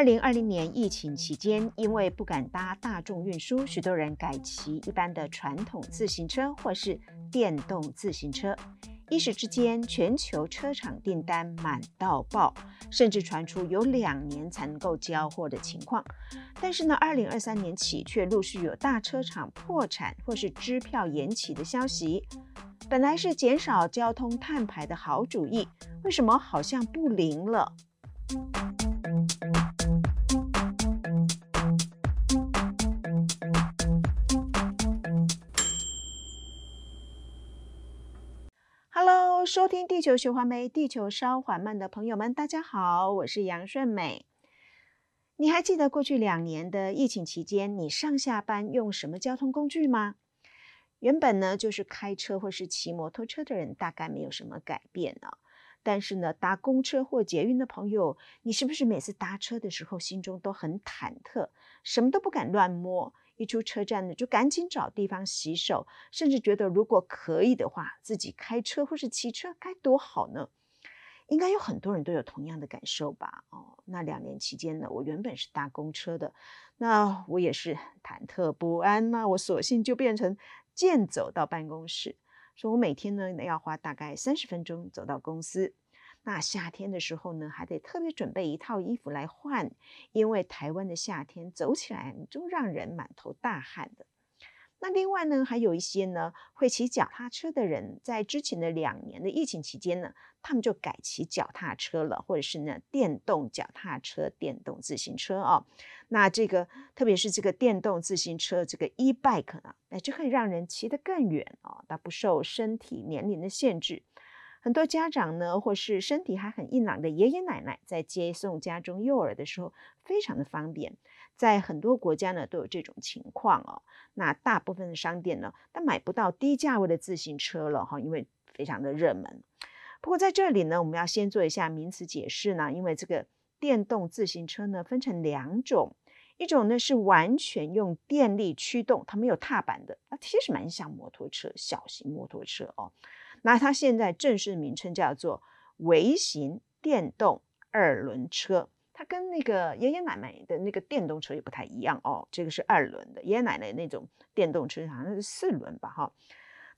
二零二零年疫情期間，因為不敢搭大眾運輸，許多人改騎一般的傳統自行車或是電動自行車。一時之間，全球車廠訂單滿到爆，甚至傳出有兩年才能夠交貨的情況。但是呢，二零二三年起卻陸續有大車廠破產或是支票延期的消息。本來是減少交通碳排的好主意，為什麼好像不靈了？收聽地球循環沒地球稍緩慢的朋友們，大家好，我是楊順美。你還記得過去兩年的疫情期間，你上下班用什麼交通工具嗎？原本呢，就是開車或是騎摩托車的人，大概沒有什麼改變呢、啊。但是呢，搭公車或捷運的朋友，你是不是每次搭車的時候，心中都很忐忑，什麼都不敢亂摸？一出車站呢，就趕緊找地方洗手，甚至覺得如果可以的話，自己開車或是騎車該多好呢？應該有很多人都有同樣的感受吧？哦，那兩年期間呢，我原本是搭公車的，那我也是忐忑不安，那我索性就變成健走到辦公室，所以我每天呢要花大概三十分鐘走到公司。那夏天的時候呢，還得特別準備一套衣服來換，因為台灣的夏天走起來，你就讓人滿頭大汗的。那另外呢，還有一些呢會騎腳踏車的人，在之前的兩年的疫情期間呢，他們就改騎腳踏車了，或者是呢電動腳踏車、電動自行車啊、哦。那這個特別是這個電動自行車，這個 e-bike 啊，那就可以讓人騎得更遠啊、哦，它不受身體年齡的限制。很多家長呢，或是身體還很硬朗的爺爺奶奶，在接送家中幼兒的時候，非常的方便。在很多國家呢，都有這種情況哦。那大部分的商店呢，都買不到低價位的自行車了哈，因為非常的熱門。不過在這裡呢，我們要先做一下名詞解釋呢，因為這個電動自行車呢，分成兩種，一種呢是完全用電力驅動，它沒有踏板的，它其實蠻像摩托車，小型摩托車哦。那它現在正式名稱叫做微型電動二輪車，它跟那個爺爺奶奶的那個電動車也不太一樣哦。這個是二輪的，爺爺奶奶那種電動車好像是四輪吧，哈。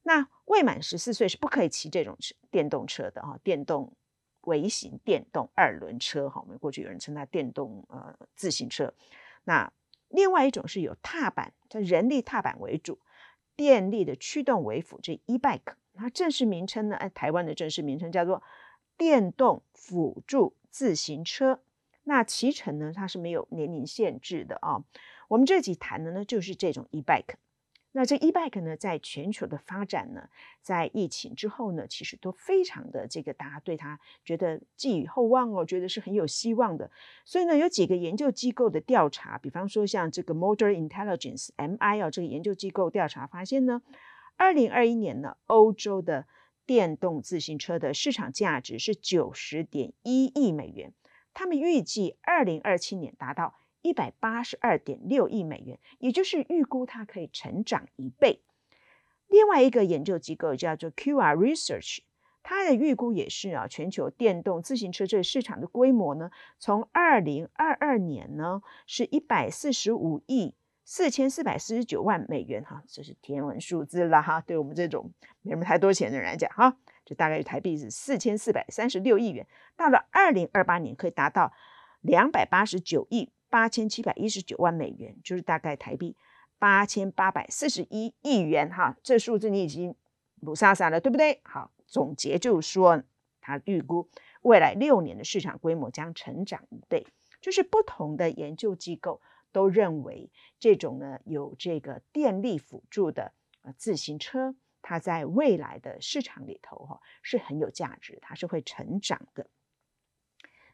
那未滿十四歲是不可以騎這種車、電動車的哈。電動微型電動二輪車哈，我們過去有人稱它電動呃自行車。那另外一種是有踏板，叫人力踏板為主。電力的驅動為輔，這 e-bike，它正式名稱呢？哎，台灣的正式名稱叫做電動輔助自行車。那騎乘呢？它是沒有年齡限制的啊、哦。我們這集談的呢，就是這種 e-bike。Bike 那這 e-bike 呢，在全球的發展呢，在疫情之後呢，其實都非常的這個，大家對它覺得寄予厚望哦，覺得是很有希望的。所以呢，有幾個研究機構的調查，比方說像這個 Motor Intelligence MI 哦，這個研究機構調查發現呢，二零二一年呢，歐洲的電動自行車的市場價值是九十點一億美元，他們預計二零二七年達到，一百八十二點六億美元，也就是預估它可以成長一倍。另外一個研究機構叫做 QR Research，它的預估也是啊，全球電動自行車這個市場的規模呢，從二零二二年呢是一百四十五億四千四百四十九萬美元哈，這是天文數字了哈，對我們這種沒什麼太多錢的人來講哈，就大概台幣是四千四百三十六億元，到了二零二八年可以達到兩百八十九億。八千七百一十九萬美元，就是大概台幣八千八百四十一億元哈，這數字你已經霧煞煞了，對不對？好，總結就是說，他預估未來六年的市場規模將成長一倍，就是不同的研究機構都認為這種呢有這個電力輔助的自行車，它在未來的市場裡頭哈，哦，是很有價值，它是會成長的。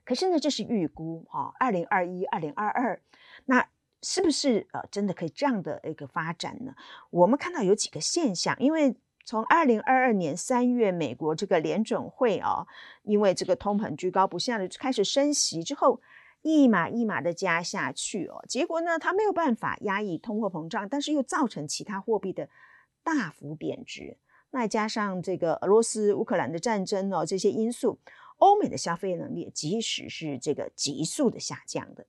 可是呢，這是預估哈，二零二一、二零二二，那是不是呃真的可以這樣的一個發展呢？我們看到有幾個現象，因為從二零二二年三月，美國這個聯準會哦，因為這個通膨居高不下的，開始升息之後一碼一碼的加下去哦，結果呢，它沒有辦法壓抑通貨膨脹，但是又造成其他貨幣的大幅貶值，那加上這個俄羅斯烏克蘭的戰爭哦，這些因素。歐美的消費能力，即使是這個急速的下降的。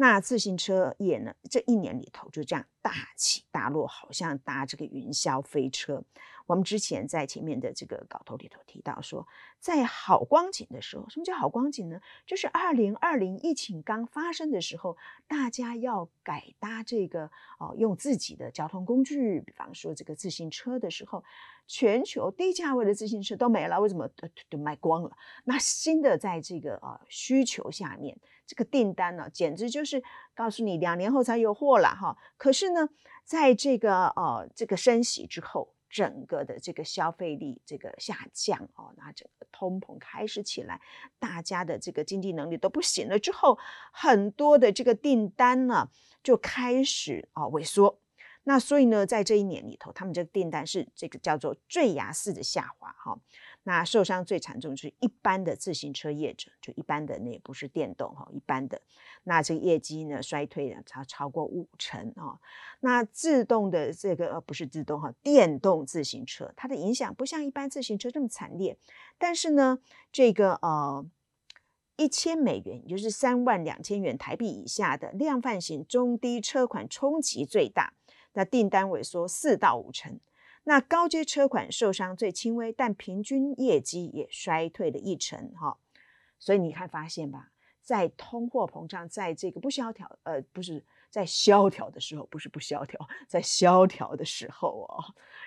那自行車業呢？這一年裡頭就這樣大起大落，好像搭這個雲霄飛車。我們之前在前面的這個稿頭裡頭提到說，在好光景的時候，什麼叫好光景呢？就是二零二零疫情剛發生的時候，大家要改搭這個哦、呃，用自己的交通工具，比方說這個自行車的時候，全球低價位的自行車都沒了，為什麼都？都都賣光了。那新的在這個呃需求下面。這個訂單呢、啊，簡直就是告訴你兩年後才有貨了哈、哦。可是呢，在這個哦，這個升息之後，整個的這個消費力這個下降哦，那整個通膨開始起來，大家的這個經濟能力都不行了之後，很多的這個訂單呢、啊、就開始啊、哦、萎縮。那所以呢，在這一年裡頭，他們這個訂單是這個叫做墜崖式的下滑哈。哦那受傷最慘重就是一般的自行車業者，就一般的那不是電動哈，一般的那這個業績呢衰退的超超過五成啊。那自動的這個呃不是自動哈，電動自行車它的影響不像一般自行車這麼慘烈，但是呢這個呃一千美元也就是三萬兩千元台幣以下的量販型中低車款衝擊最大，那訂單萎縮四到五成。那高階車款受傷最輕微，但平均業績也衰退了一成哈、哦。所以你看，發現吧，在通貨膨脹，在這個不蕭條，呃，不是在蕭條的時候，不是不蕭條，在蕭條的時候哦，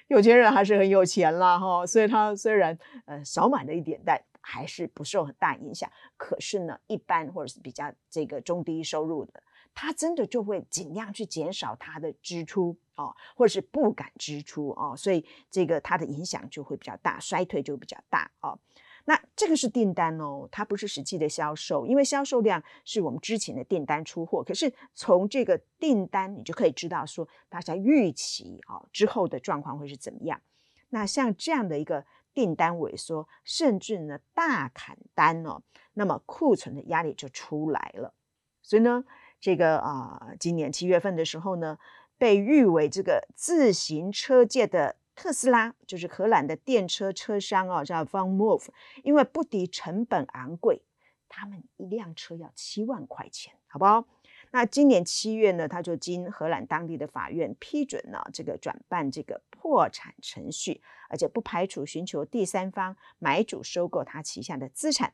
有錢人還是很有錢啦哈、哦。所以他雖然呃少買了一點，但還是不受很大影響。可是呢，一般或者是比較這個中低收入的。它真的就會盡量去減少它的支出哦，或者是不敢支出哦，所以這個它的影響就會比較大，衰退就會比較大哦。那這個是訂單哦，它不是實際的銷售，因為銷售量是我們之前的訂單出貨。可是從這個訂單，你就可以知道說大家預期哦之後的狀況會是怎麼樣。那像這樣的一個訂單萎縮，甚至呢大砍單哦，那麼庫存的壓力就出來了。所以呢。這個啊、呃，今年七月份的時候呢，被譽為這個自行車界的特斯拉，就是荷蘭的電車車商哦，叫 VanMoof，因為不敵成本昂貴，他們一輛車要七萬塊錢，好不好？那今年七月呢，他就經荷蘭當地的法院批准呢、哦，這個轉辦這個破產程序，而且不排除尋求第三方買主收購他旗下的資產。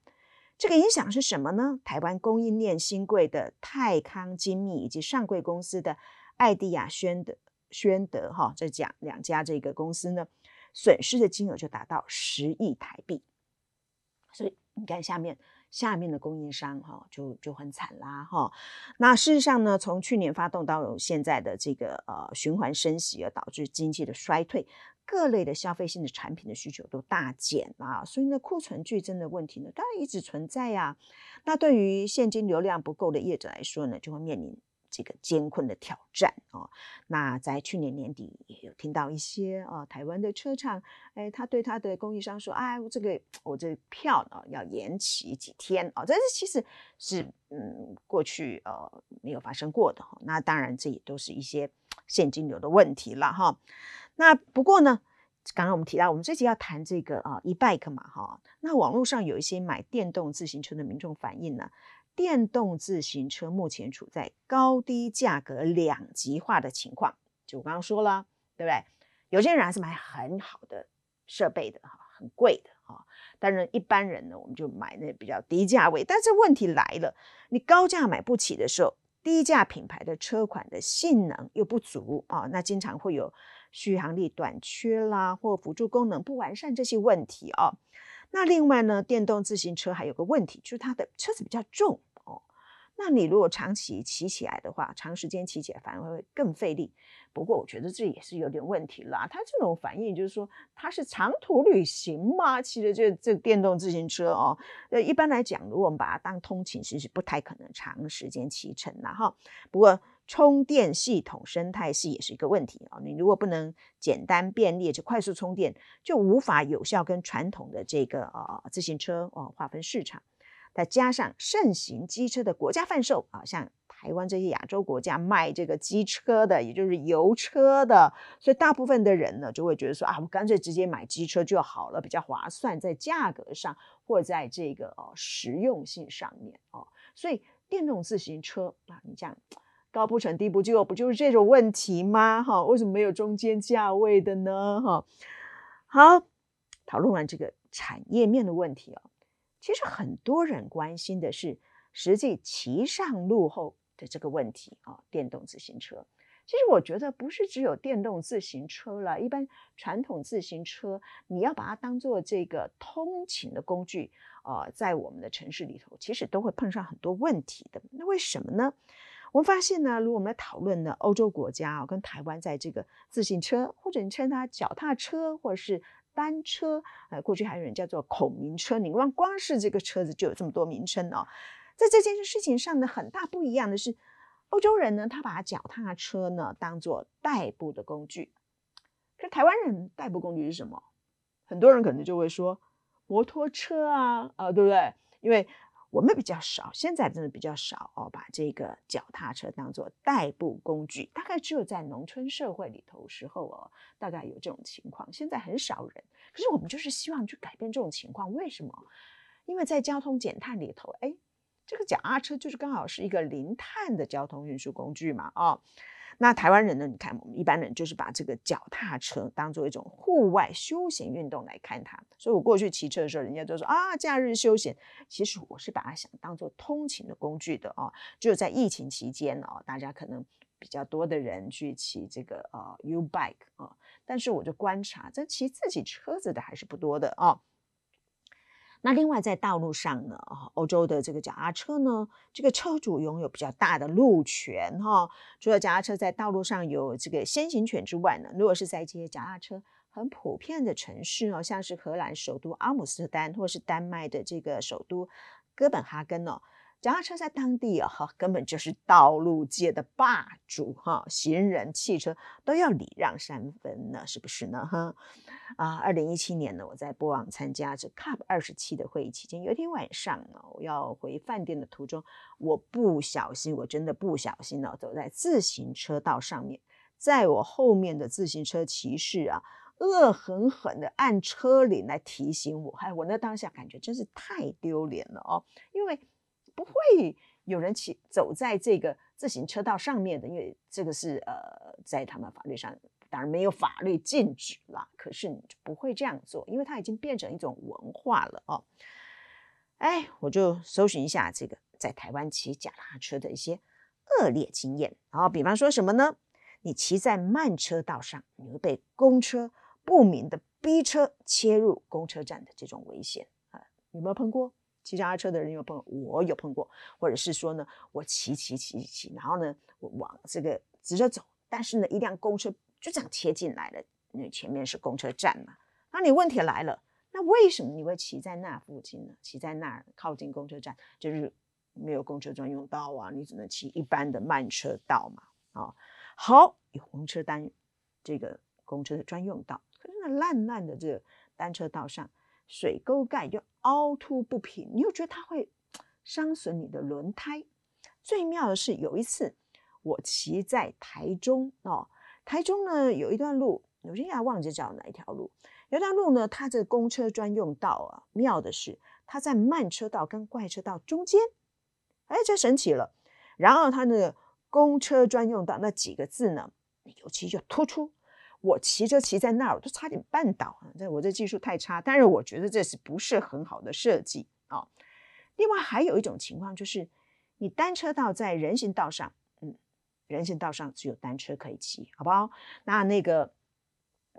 這個影響是什麼呢？台灣供應鏈新貴的泰康精密以及上櫃公司的愛地雅宣德、宣德哈、哦，這講兩家這個公司呢，損失的金額就達到十億台幣。所以你看下面、下面的供應商哈、哦，就就很慘啦哈、哦。那事實上呢，從去年發動到現在的這個呃循環升息，而導致經濟的衰退。各類的消費性的產品的需求都大減啊，所以呢，庫存劇增的問題呢，當然一直存在呀。那對於現金流量不夠的業者來說呢，就會面臨這個艱困的挑戰啊。那在去年年底也有聽到一些啊，台灣的車廠，哎，他對他的供應商說：“哎，我這個我這個票呢要延期幾天啊。”但是其實是嗯，過去呃沒有發生過的。那當然，這也都是一些現金流的問題了哈。那不過呢，剛剛我們提到，我們這集要談這個啊，E-Bike 嘛，哈、哦。那網絡上有一些買電動自行車的民眾反映呢，電動自行車目前處在高低價格兩極化的情況。就我剛剛說了，對不對？有些人還是買很好的設備的，哈，很貴的，哈、啊，當然一般人呢，我們就買那比較低價位。但是問題來了，你高價買不起的時候，低價品牌的車款的性能又不足啊，那經常會有。續航力短缺啦，或輔助功能不完善這些問題哦。那另外呢，電動自行車還有個問題，就是它的車子比較重哦。那你如果長期騎起來的話，長時間騎起來反而會更費力。不過我覺得這也是有點問題了，它這種反應就是說它是長途旅行嗎？騎着這這電動自行車哦，呃，一般來講，如果我們把它當通勤，其實不太可能長時間騎乘啦哈。不過充電系統生態系也是一個問題啊、哦，你如果不能簡單便利就快速充電，就無法有效跟傳統的這個呃、哦、自行車哦劃分市場。再加上盛行機車的國家販售啊，像台灣這些亞洲國家賣這個機車的，也就是油車的，所以大部分的人呢，就會覺得說啊，我乾脆直接買機車就好了，比較划算，在價格上或在這個哦實用性上面哦，所以電動自行車啊，你講高不成低不就，不就是這種問題嗎？哈、哦，為什麼沒有中間價位的呢？哈、哦，好，討論完這個產業面的問題哦。其實很多人關心的是實際騎上路後的這個問題啊，電動自行車。其實我覺得不是只有電動自行車了，一般傳統自行車，你要把它當做這個通勤的工具啊、呃，在我們的城市裡頭，其實都會碰上很多問題的。那為什麼呢？我們發現呢，如果我們來討論呢，歐洲國家啊，跟台灣在這個自行車，或者你稱它腳踏車，或者是。單車，呃，過去還有人叫做孔明車，你光光是這個車子就有這麼多名稱哦。在這件事情上呢，很大不一樣的是，歐洲人呢，他把他腳踏車呢當做代步的工具，可是台灣人代步工具是什麼？很多人可能就會說摩托車啊，啊，哦，對不對？因為我們比較少，現在真的比較少哦，把這個腳踏車當做代步工具，大概只有在農村社會裡頭時候哦，大概有這種情況，現在很少人。可是我們就是希望去改變這種情況，為什麼？因為在交通減碳裡頭，哎，這個腳踏車就是剛好是一個零碳的交通運輸工具嘛，哦。那台灣人呢？你看我們一般人就是把這個腳踏車當做一種戶外休閒運動來看它。所以我過去騎車的時候，人家都說啊，假日休閒。其實我是把它想當做通勤的工具的啊。只有在疫情期間啊，大家可能比較多的人去騎這個啊 U-bike 啊。但是我就觀察，這騎自己車子的還是不多的啊。那另外在道路上呢，歐洲的這個腳踏車呢，這個車主擁有比較大的路權哈、哦。除了腳踏車在道路上有這個先行權之外呢，如果是在這些腳踏車很普遍的城市哦，像是荷蘭首都阿姆斯特丹，或是丹麥的這個首都哥本哈根呢，腳踏車在當地哦，根本就是道路界的霸主哈、哦，行人、汽車都要禮讓三分呢，是不是呢？哈。啊，二零一七年呢，我在波昂參加這 Cup 二十七的會議期間，有一天晚上啊，我要回飯店的途中，我不小心，我真的不小心呢、啊、走在自行車道上面，在我後面的自行車騎士啊，惡狠狠地按車鈴來提醒我，嗨、哎，我那當下感覺真是太丟臉了哦，因為不會有人騎走在這個自行車道上面的，因為這個是呃，在他們法律上。當然沒有法律禁止啦，可是你就不會這樣做，因為它已經變成一種文化了哦。哎，我就搜尋一下這個在台灣騎腳踏車的一些惡劣經驗。然後，比方說什麼呢？你騎在慢車道上，你會被公車不明的逼車切入公車站的這種危險啊！有沒有碰過騎腳踏車的人？有碰過？我有碰過。或者是說呢，我騎騎騎騎，然後呢，我往這個直着走，但是呢，一輛公車。就這樣切進來了，因為前面是公車站嘛。那、啊、你問題來了，那為什麼你會騎在那附近呢？騎在那兒靠近公車站，就是沒有公車專用道啊，你只能騎一般的慢車道嘛。啊、哦，好，有紅車單這個公車的專用道，可是那爛爛的這個單車道上，水溝蓋又凹凸不平，你又覺得它會傷損你的輪胎。最妙的是有一次我騎在台中哦。台中呢有一段路，我現在忘記叫哪一條路。有一段路呢，它的公車專用道啊，妙的是它在慢車道跟快車道中間，哎，這神奇了。然後它那個公車專用道那幾個字呢，尤其就突出。我騎車騎在那兒，我都差點絆倒，這我這技術太差。但是我覺得這是不是很好的設計啊、哦？另外還有一種情況就是，你單車道在人行道上。人行道上只有單車可以騎，好不好？那那個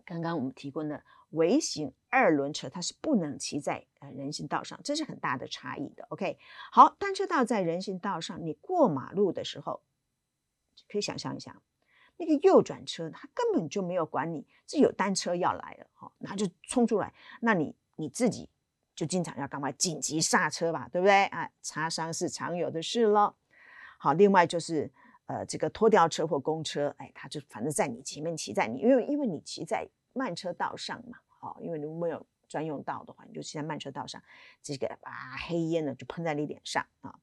剛剛我們提過的微型二輪車，它是不能騎在呃人行道上，這是很大的差異的。OK，好，單車道在人行道上，你過馬路的時候，可以想象一下，那個右轉車它根本就沒有管你，這有單車要來了，哈、哦，那就衝出來，那你你自己就經常要幹嘛？緊急剎車吧，對不對？啊，擦傷是常有的事了。好，另外就是。呃，這個拖吊車或公車，哎，它就反正在你前面你騎在你，因為因為你騎在慢車道上嘛，好、哦，因為你沒有專用道的話，你就騎在慢車道上，這個啊，黑煙呢就噴在你臉上啊、哦。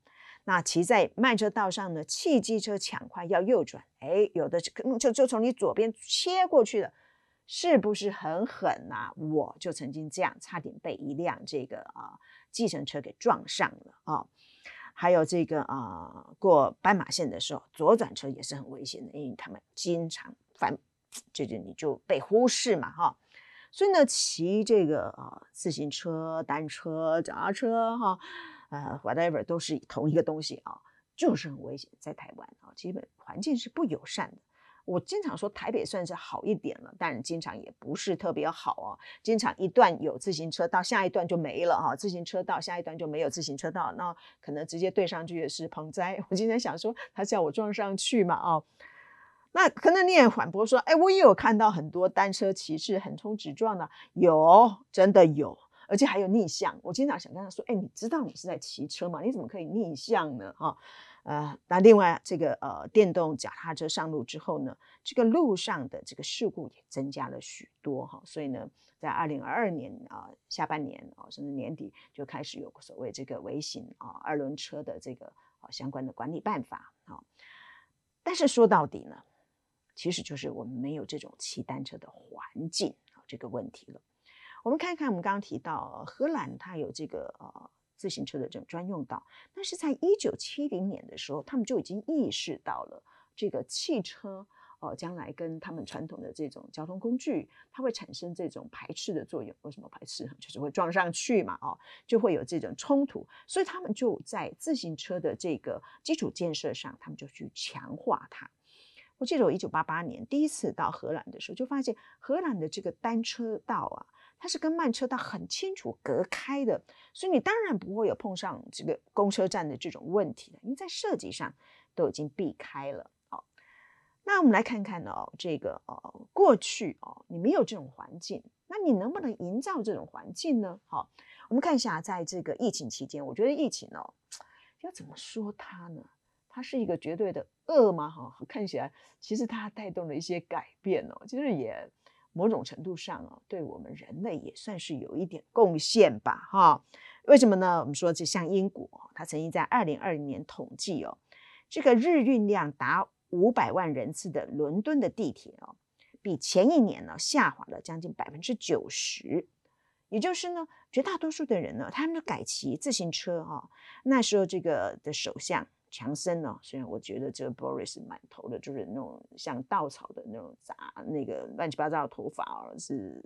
那騎在慢車道上呢，汽機車搶快要右轉，哎，有的就就、就從你左邊切過去的，是不是很狠啊？我就曾經這樣，差點被一輛這個啊，計程車給撞上了啊。哦還有這個啊，過斑馬線的時候，左轉車也是很危險的，因為他們經常反，就是你就被忽視嘛哈、哦。所以呢，騎這個啊自行車、單車、腳踏車哈，呃、啊，whatever 都是同一個東西啊，就是很危險，在台灣啊，基本環境是不友善的。我經常說台北算是好一點了，但經常也不是特別好哦。經常一段有自行車道，下一段就沒了哈、哦。自行車道下一段就沒有自行車道，那可能直接對上去也是盆栽。我經常想說，他叫我撞上去嘛？哦，那可能你也反駁說，哎，我也有看到很多單車騎士橫衝直撞的，有真的有，而且還有逆向。我經常想跟他說，哎，你知道你是在騎車嗎？你怎麼可以逆向呢？哈、哦。呃，那另外這個呃電動腳踏車上路之後呢，這個路上的這個事故也增加了許多哈、哦，所以呢，在二零二二年啊下半年啊甚至年底就開始有所謂這個微型啊二輪車的這個、啊、相關的管理辦法啊，但是說到底呢，其實就是我們沒有這種騎單車的環境啊這個問題了。我們看一看，我們剛剛提到荷蘭，它有這個啊。自行車的這種專用道，但是在一九七零年的時候，他們就已經意識到了這個汽車哦、呃，將來跟他們傳統的這種交通工具，它會產生這種排斥的作用。為什麼排斥？就是會撞上去嘛，哦，就會有這種衝突。所以他們就在自行車的這個基礎建設上，他們就去強化它。我記得我一九八八年第一次到荷蘭的時候，就發現荷蘭的這個單車道啊。它是跟慢車道很清楚隔開的，所以你當然不會有碰上這個公車站的這種問題的，因為在設計上都已經避開了。好，那我們來看看哦，這個哦，過去哦，你沒有這種環境，那你能不能營造這種環境呢？好，我們看一下，在這個疫情期間，我覺得疫情哦，要怎麼說它呢？它是一個絕對的惡嗎？哈，看起來其實它帶動了一些改變哦，其實也。某種程度上啊、哦，對我們人類也算是有一點貢獻吧，哈。為什麼呢？我們說就像英國他、哦、曾經在二零二零年統計哦，這個日運量達五百萬人次的倫敦的地鐵哦，比前一年呢、哦、下滑了將近百分之九十，也就是呢絕大多數的人呢、哦，他們都改騎自行車哈、哦。那時候這個的首相，強森呢、哦？雖然我覺得這個 Boris 滿頭的，就是那種像稻草的那種雜那個亂七八糟的頭髮啊、哦，是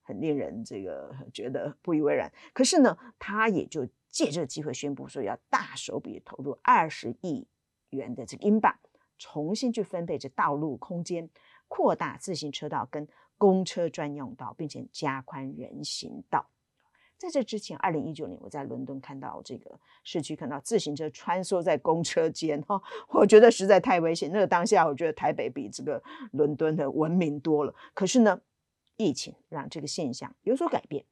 很令人這個覺得不以為然。可是呢，他也就借這個機會宣布說，要大手筆投入二十億元的這個英鎊，重新去分配這道路空間，擴大自行車道跟公車專用道，並且加寬人行道。在這之前，二零一九年我在倫敦看到這個市區，看到自行車穿梭在公車間，哈，我覺得實在太危險。那個當下，我覺得台北比這個倫敦的文明多了。可是呢，疫情讓這個現象有所改變。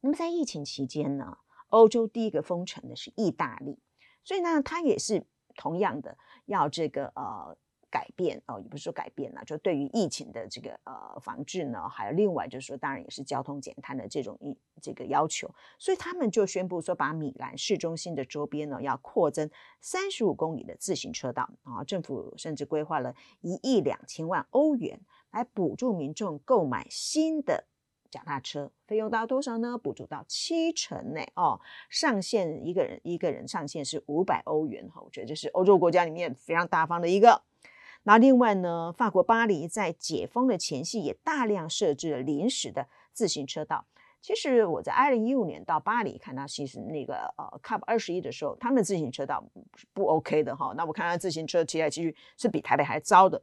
那麼在疫情期間呢，歐洲第一個封城的是意大利，所以呢，它也是同樣的要這個呃。改變哦，也不是說改變了，就對於疫情的這個呃防治呢，還有另外就是說，當然也是交通減碳的這種一這個要求，所以他們就宣布說，把米蘭市中心的周邊呢要擴增三十五公里的自行車道啊、哦，政府甚至規劃了一億兩千萬歐元來補助民眾購買新的腳踏車，費用到多少呢？補助到七成呢，欸，哦，上限一個人一個人上限是五百歐元哈、哦，我覺得這是歐洲國家裡面非常大方的一個。那另外呢，法國巴黎在解封的前夕也大量設置了臨時的自行車道。其實我在二零一五年到巴黎看到，其實那個呃，Cup 二十一的時候，他們的自行車道不，不 OK 的哈。那我看他自行車騎來騎去是比台北還糟的。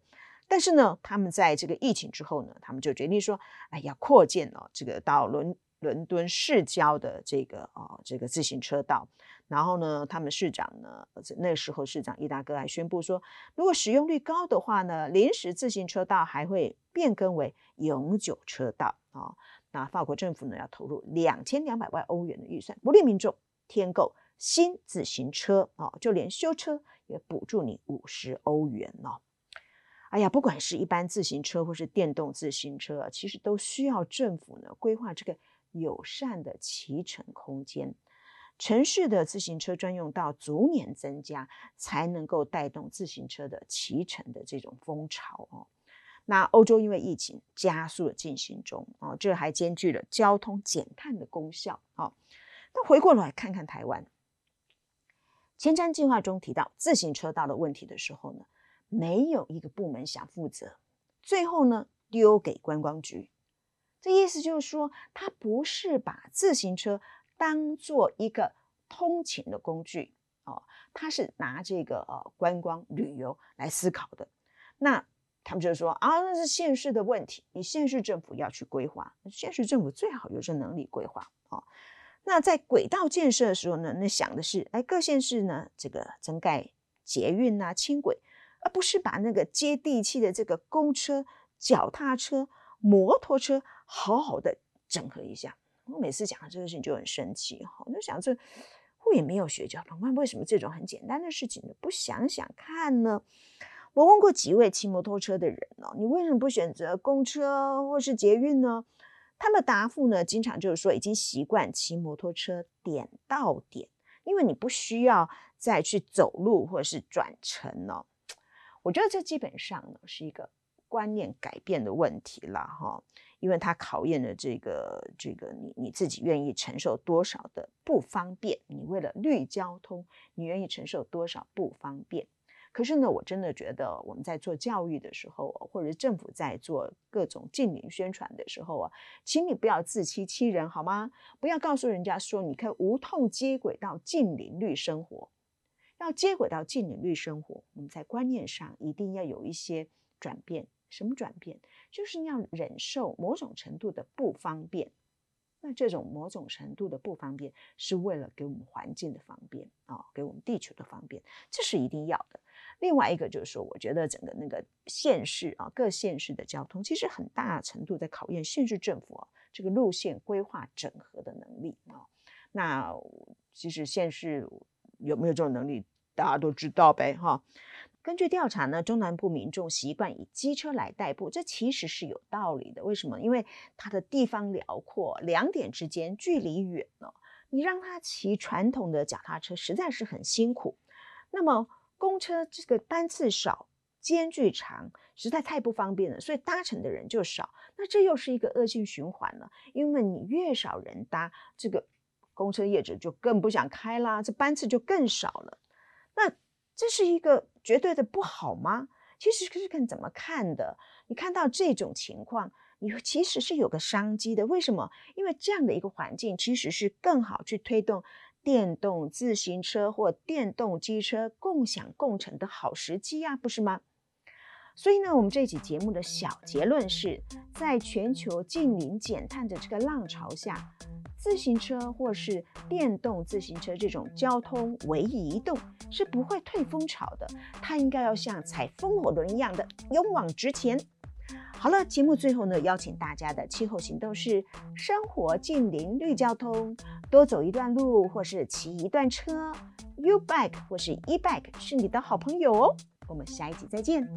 但是呢，他們在這個疫情之後呢，他們就決定說，哎呀，擴建了這個道路。倫敦市郊的這個啊、哦，這個自行車道，然後呢，他們市長呢，那時候市長伊達哥還宣布說，如果使用率高的話呢，臨時自行車道還會變更為永久車道啊、哦。那法國政府呢，要投入兩千兩百萬歐元的預算，不利民眾添購新自行車啊、哦，就連修車也補助你五十歐元哦，哎呀，不管是一般自行車或是電動自行車，其實都需要政府呢規劃這個。友善的騎乘空間，城市的自行車專用道逐年增加，才能夠帶動自行車的騎乘的這種風潮哦。那歐洲因為疫情加速的進行中啊、哦，這還兼具了交通減碳的功效哦。那回過來看看台灣前瞻計劃中提到自行車道的問題的時候呢，沒有一個部門想負責，最後呢丟給觀光局。這意思就是說，他不是把自行車當做一個通勤的工具哦，他是拿這個、呃、觀光旅遊來思考的。那他們就說啊，那是縣市的問題，你縣市政府要去規劃，縣市政府最好有這能力規劃哦。那在軌道建設的時候呢，那想的是，哎，各縣市呢，這個增蓋捷運啊、輕軌，而不是把那個接地氣的這個公車、腳踏車、摩托車。好好的整合一下。我每次講到這個事情就很生氣哈，我就想這我也沒有學交通，為什麼這種很簡單的事情不想想看呢？我問過幾位騎摩托車的人，你為什麼不選擇公車或是捷運呢？他們的答覆呢，經常就是說已經習慣騎摩托車點到點，因為你不需要再去走路或者是轉乘。我覺得這基本上呢是一個觀念改變的問題了。哈。因為它考驗了這個這個你，你你自己願意承受多少的不方便？你為了綠交通，你願意承受多少不方便？可是呢，我真的覺得我們在做教育的時候，或者政府在做各種淨零宣傳的時候啊，請你不要自欺欺人，好嗎？不要告訴人家說你可以無痛接軌到淨零綠生活，要接軌到淨零綠生活，我們在觀念上一定要有一些轉變。什麼轉變？就是要忍受某種程度的不方便。那這種某種程度的不方便，是為了給我們環境的方便啊、哦，給我們地球的方便，這是一定要的。另外一個就是說，我覺得整個那個縣市啊、哦，各縣市的交通，其實很大程度在考驗縣市政府啊、哦、這個路線規劃整合的能力啊、哦。那其實縣市有沒有這種能力，大家都知道唄哈。哦根據調查呢，中南部民眾習慣以機車來代步，這其實是有道理的。為什麼？因為它的地方遼闊，兩點之間距離遠了、哦，你讓他騎傳統的腳踏車實在是很辛苦。那麼公車這個班次少，間距長，實在太不方便了，所以搭乘的人就少。那這又是一個惡性循環了，因為你越少人搭，這個公車業者就更不想開啦，這班次就更少了。那這是一個。絕對的不好嗎？其實是看怎麼看的。你看到這種情況，你其實是有個商機的。為什麼？因為這樣的一個環境其實是更好去推動電動自行車或電動機車共享共乘的好時機呀，不是嗎？所以呢，我們這期節目的小結論是在全球淨零減碳的這個浪潮下，自行車或是電動自行車這種交通微移動是不會退風潮的，它應該要像踩風火輪一樣的勇往直前。好了，節目最後呢，邀請大家的氣候行動是：生活淨零綠交通，多走一段路或是騎一段車，U bike 或是 E bike 是你的好朋友哦。我們下一集再見。